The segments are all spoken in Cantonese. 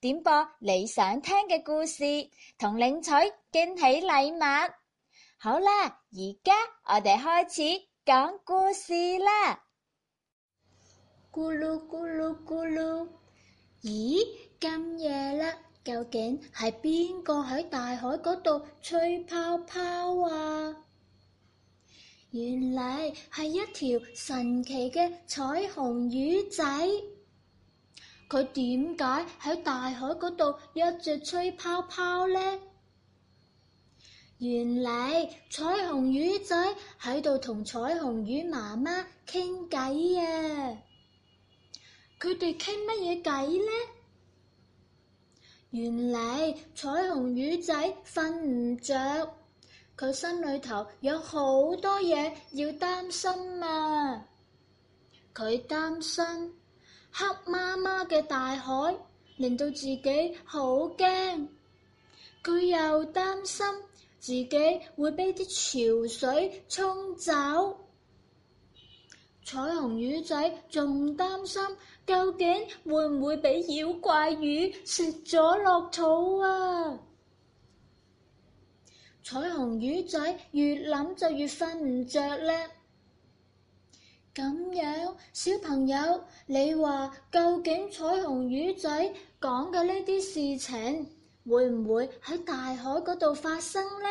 點播你想聽嘅故事，同領取驚喜禮物。好啦，而家我哋開始講故事啦。咕嚕咕嚕咕嚕，咦，咁夜啦，究竟係邊個喺大海嗰度吹泡泡啊？原來係一條神奇嘅彩虹魚仔。佢點解喺大海嗰度一直吹泡泡呢？原來彩虹魚仔喺度同彩虹魚媽媽傾偈啊！佢哋傾乜嘢偈呢？原來彩虹魚仔瞓唔着，佢心裏頭有好多嘢要擔心啊！佢擔心。黑麻麻嘅大海令到自己好驚，佢又擔心自己會俾啲潮水沖走。彩虹魚仔仲擔心究竟會唔會俾妖怪魚食咗落肚啊？彩虹魚仔越諗就越瞓唔着啦。咁樣，小朋友，你話究竟彩虹魚仔講嘅呢啲事情會唔會喺大海嗰度發生呢？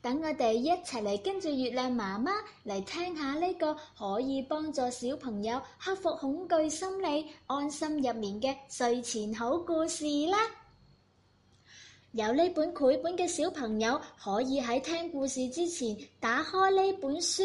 等我哋一齊嚟跟住月亮媽媽嚟聽下呢個可以幫助小朋友克服恐懼心理、安心入眠嘅睡前好故事啦。有呢本繪本嘅小朋友可以喺聽故事之前打開呢本書。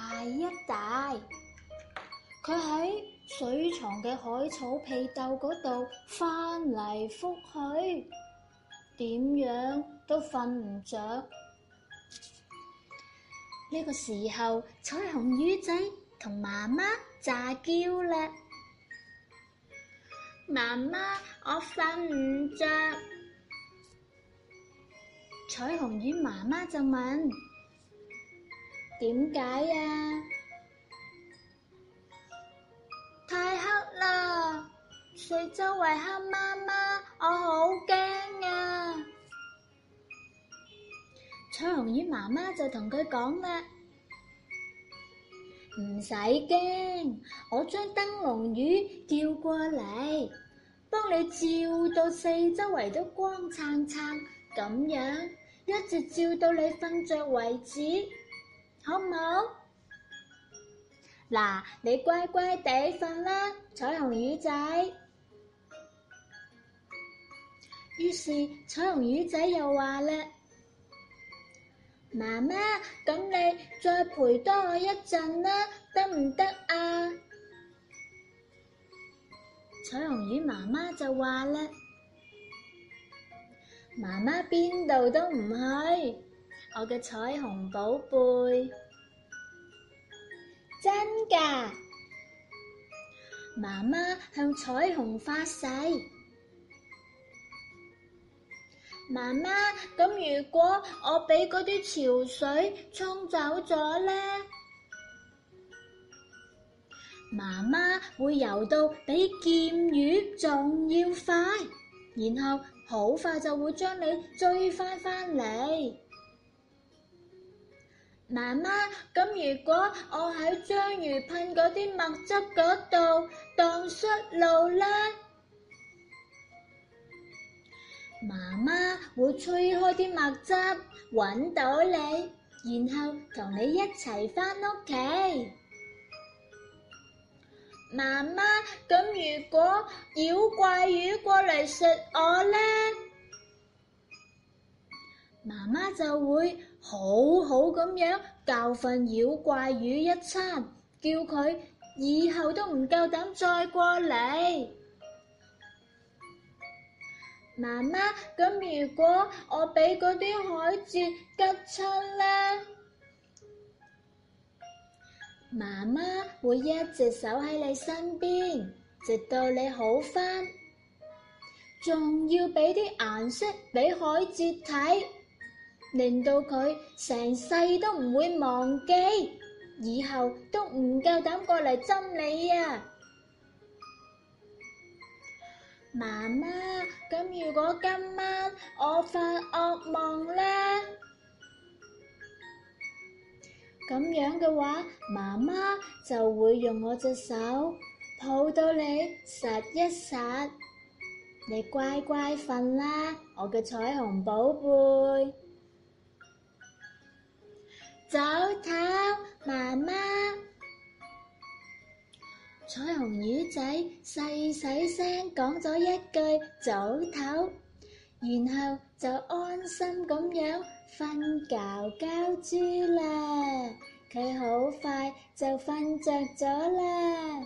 第一大，佢喺水床嘅海草被竇嗰度翻嚟覆去，點樣都瞓唔着。呢、這個時候，彩虹魚仔同媽媽詐嬌啦。媽媽，我瞓唔着。彩虹魚媽媽就問。點解呀？太黑啦，四周圍黑，媽媽，我好驚啊！彩虹魚媽媽就同佢講啦：唔使驚，我將燈籠魚叫過嚟，幫你照到四周圍都光燦燦，咁樣一直照到你瞓着為止。好唔好？嗱，你乖乖地瞓啦，彩虹魚仔。於是彩虹魚仔又話咧：媽媽，咁你再陪多我一陣啦，得唔得啊？彩虹魚媽媽就話咧：媽媽邊度都唔去。我嘅彩虹寶貝，真噶！媽媽向彩虹發誓。媽媽，咁如果我俾嗰啲潮水沖走咗呢，媽媽會游到比劍魚仲要快，然後好快就會將你追翻返嚟。媽媽，咁如果我喺章魚噴嗰啲墨汁嗰度蕩失路呢，媽媽會吹開啲墨汁，揾到你，然後同你一齊返屋企。媽媽，咁如果妖怪魚過嚟食我呢？媽媽就會好好咁樣教訓妖怪魚一餐，叫佢以後都唔夠膽再過嚟。媽媽，咁如果我俾嗰啲海蜇吉親呢？媽媽會一直守喺你身邊，直到你好翻，仲要俾啲顏色俾海蜇睇。令到佢成世都唔會忘記，以後都唔夠膽過嚟針你啊！媽媽，咁如果今晚我發惡夢咧，咁樣嘅話，媽媽就會用我隻手抱到你實一實，你乖乖瞓啦，我嘅彩虹寶貝。早唞，媽媽，彩虹魚仔細細聲講咗一句早唞，然後就安心咁樣瞓覺覺豬啦。佢好快就瞓着咗啦。